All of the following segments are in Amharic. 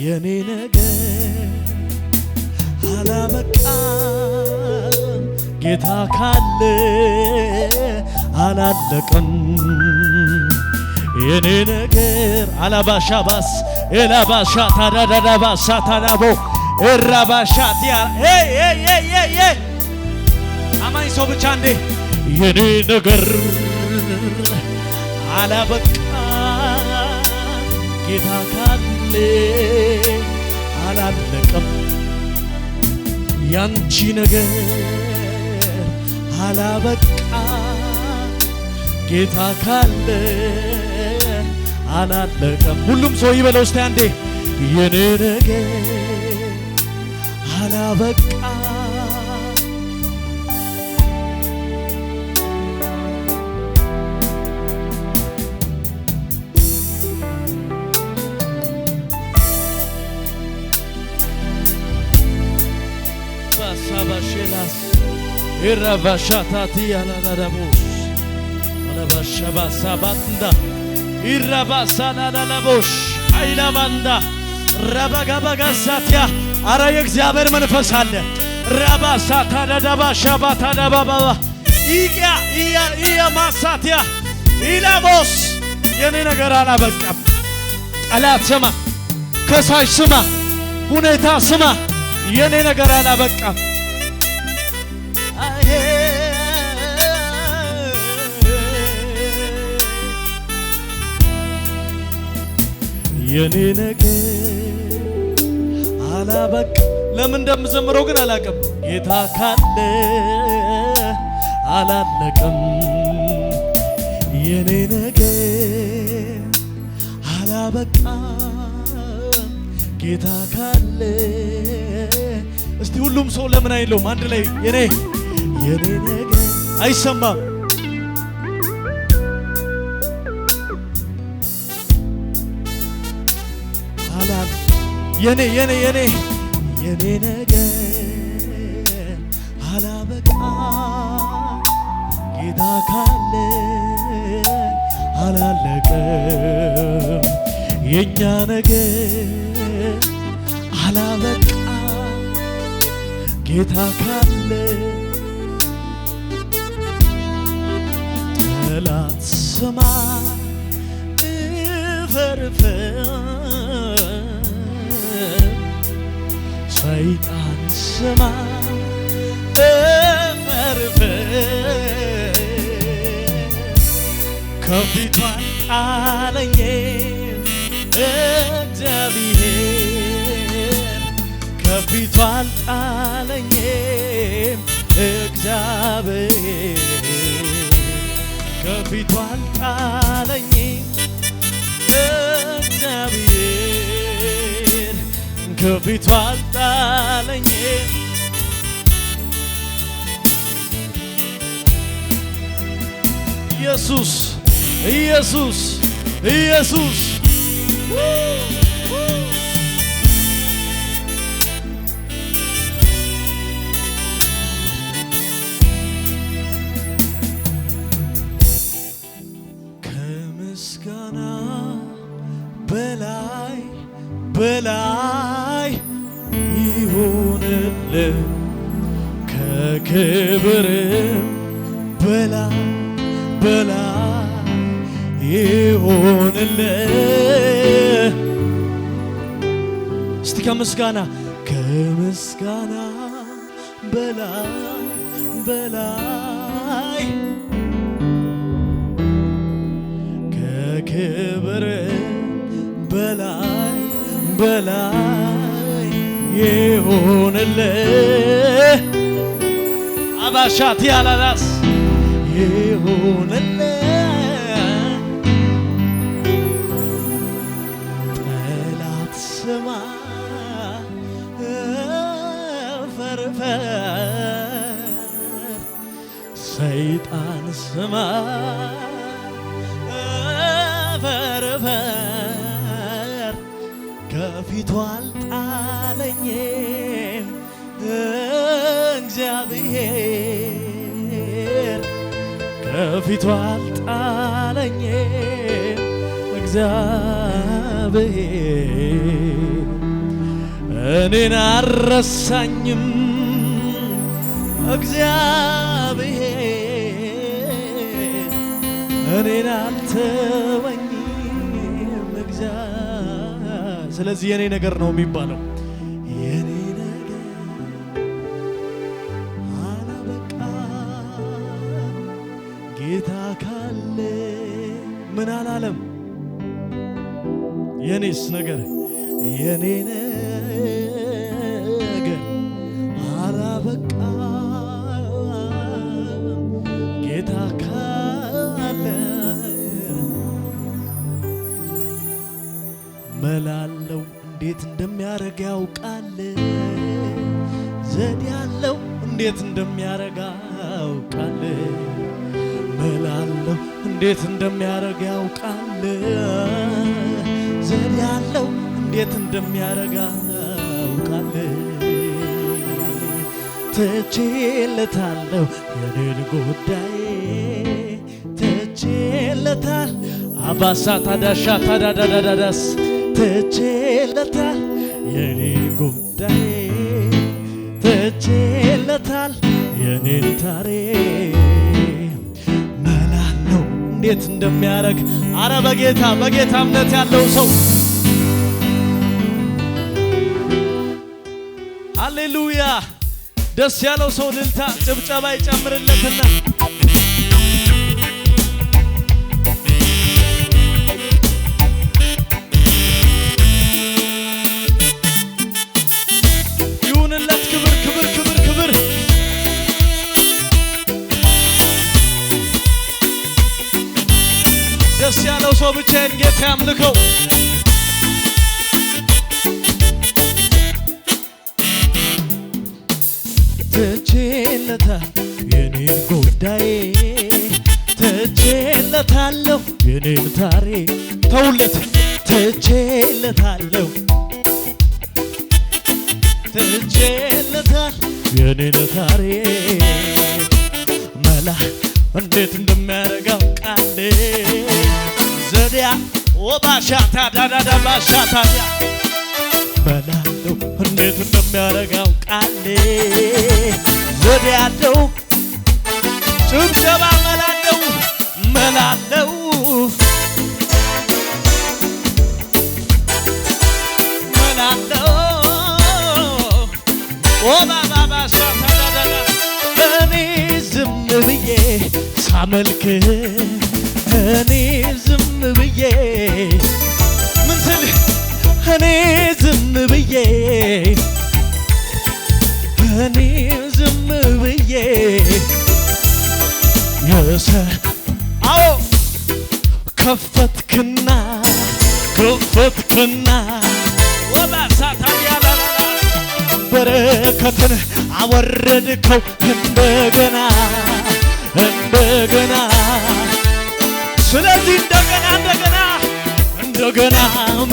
የኔ ነገር አላበቃም፣ ጌታ ካለ አላለቀም። የኔ ነገር አላባሻ ባስ ኤላባሻ ታዳዳዳባሳ ታዳቦ ኤራባሻ ቲያ አማኝ ሰው ብቻ እንዴ የኔ ነገር አላበቃም፣ ጌታ ካለ አላለቀም ያንቺ ነገር አላበቃ ጌታ ካለ አላለቀም። ሁሉም ሰው ይበለው እስቲ አንዴ የኔ ነገር አላበቃ ኢረባሻታቲ አረ የእግዚአብሔር መንፈስ አለ ረባሳታዳዳባሻባታዳባባባ ኢቅያ ኢለቦስ የኔ ነገር አላበቃም። ጠላት ስማ፣ ከሳሽ ስማ፣ ሁኔታ ስማ፣ የኔ ነገር አላበቃም። የኔ ነገር አላበቅ ለምን እንደምዘምረው ግን አላቅም። ጌታ ካለ አላለቅም። የኔ ነገር አላበቃ ጌታ ካለ እስቲ ሁሉም ሰው ለምን አይለውም አንድ ላይ የኔ የኔ ነገር አይሰማም የኔ የኔ የኔ የኔ ነገር አላበቃ ጌታ ካለ አላለቀም። የእኛ ነገር አላበቃ ጌታ ካለ ጠላት ስማ እፈርፈር ሰይጣን ስማ እፈርፍ ከፊቷ አለኝ እግዚአብሔር ከፊቷ አልጣለኝ እግዚአብሔር ከፊቷ አልጣለኝ ከፊቱ አልጣለኝ ኢየሱስ ኢየሱስ ኢየሱስ ከምስጋና በላይ በላይ ከክብር በላ በላ ይሆንልህ። እስቲ ከምስጋና ከምስጋና በላይ በላይ ከክብር በላይ በላይ ይሁንልህ አባሻት ያላላስ ይሁንልህ ጠላት ስማ ፈርፈር ሰይጣን ስማ ፈርፈር ከፊቱ አልጣ እግዚአብሔር ከፊቱ አልጣለኝ እግዚአብሔር እኔን አረሳኝም እግዚአብሔር እኔን አልተወኝም። ስለዚህ የኔ ነገር ነው የሚባለው ለዘላለም የኔስ ነገር የኔ ነገር አራበቃ ጌታ ካለ መላለው እንዴት እንደሚያደርግ ያውቃል። ዘዴ ያለው እንዴት እንደሚያደርግ ያውቃል። እንዴት እንደሚያደርግ ያውቃል ዘዴ ያለው እንዴት እንደሚያደርግ ያውቃል። ትቼለታለሁ የኔን ጉዳይ ትቼለታል አባሳ ታዳሻ ታዳዳዳዳዳስ ትቼለታል የኔን ጉዳይ ትቼለታል የኔን ታሪክ እንዴት እንደሚያደርግ አረ በጌታ በጌታ እምነት ያለው ሰው ሃሌሉያ ደስ ያለው ሰው ልልታ ጭብጨባ ይጨምርለትና ሰው ብቻዬን ጌታ ያምልከው ትቼለታል የኔን ጉዳዬ ትቼለታለሁ የኔን ታሬ ተውለት ትቼለታለሁ ትቼለታል የኔን ታሬ መላ እንዴት እንደሚያረጋው ቃሌ ዘዲያ ወባሻታ ዳዳዳ ባሻታ በላለው እንዴት እንደሚያረጋው ቃሌ እኔ ዝም ብዬ የሰ አዎ ከፈትክና ከፈትክና በረከትን አወረድከው እንደገና እንደገና ስለዚህ እንደገና እንደገና እንደገና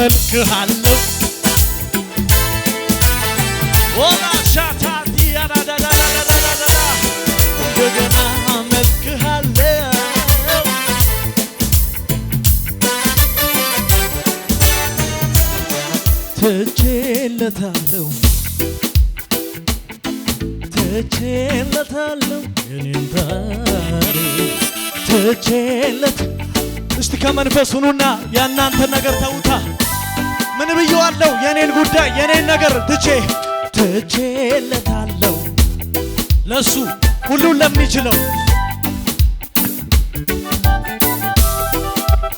መልክህ አለው ትቼለታለው ትቼለታለው የኔን ታሪክ ትቼለት እስቲ ከመንፈስ ሁኑና የእናንተን ነገር ተውታ ምን ብየዋለው የኔን ጉዳይ የኔን ነገር ትቼ ትቼለታለሁ ለሱ ሁሉን ለሚችለው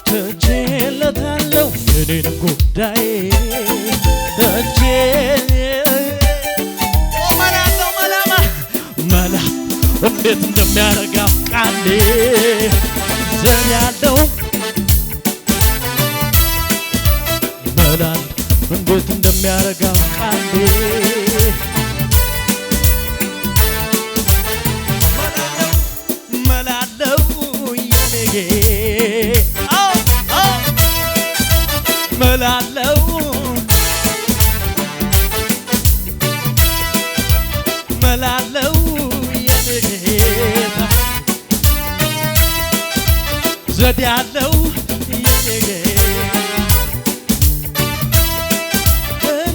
ትቼለታለሁ የኔን ጉዳይ መላ እንዴት እንደሚያረጋ ቃሌ ዘር ያለው መላል እንዴት እንደሚያረጋ ቃሌ ወዲያለው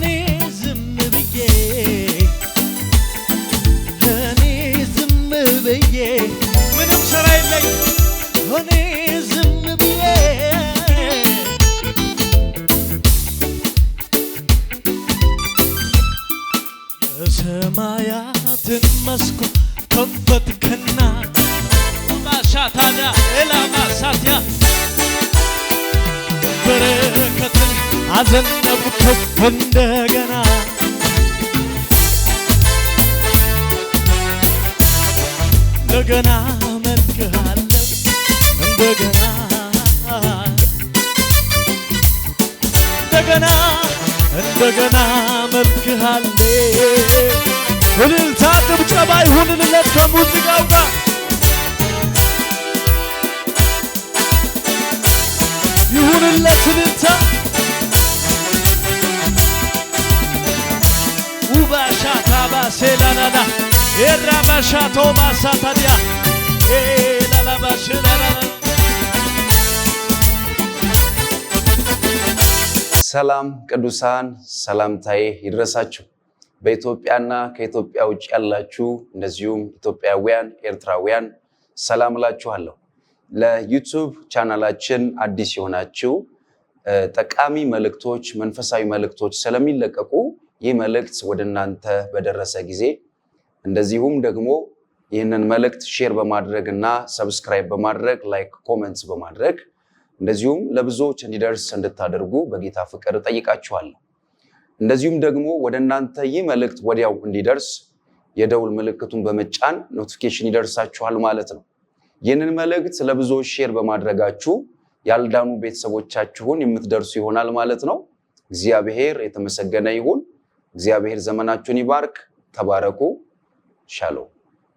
ያለው ዝም ብዬ ስራ የለኝ ከፈትክ አዘነበኩት እንደገና እንደገና መልክሃለሁ እንደገና እንደገና እንደገና መልክሃለሁ እልልታ ጭብጨባ ይሁንለት ከሙዚቃው ጋር ይሁንለት እልልታ ሴላላላ ኤራባሻ ቶማሳ ታዲያ ሰላም ቅዱሳን ሰላምታዬ ይድረሳችሁ። በኢትዮጵያና ከኢትዮጵያ ውጭ ያላችሁ እንደዚሁም ኢትዮጵያውያን፣ ኤርትራውያን ሰላም እላችኋለሁ። ለዩቱብ ቻናላችን አዲስ የሆናችሁ ጠቃሚ መልእክቶች፣ መንፈሳዊ መልእክቶች ስለሚለቀቁ ይህ መልእክት ወደ እናንተ በደረሰ ጊዜ እንደዚሁም ደግሞ ይህንን መልእክት ሼር በማድረግ እና ሰብስክራይብ በማድረግ ላይክ፣ ኮመንት በማድረግ እንደዚሁም ለብዙዎች እንዲደርስ እንድታደርጉ በጌታ ፍቅር ጠይቃችኋለሁ። እንደዚሁም ደግሞ ወደ እናንተ ይህ መልእክት ወዲያው እንዲደርስ የደውል ምልክቱን በመጫን ኖቲፊኬሽን ይደርሳችኋል ማለት ነው። ይህንን መልእክት ለብዙዎች ሼር በማድረጋችሁ ያልዳኑ ቤተሰቦቻችሁን የምትደርሱ ይሆናል ማለት ነው። እግዚአብሔር የተመሰገነ ይሁን። እግዚአብሔር ዘመናችሁን ይባርክ። ተባረኩ። ሻሎም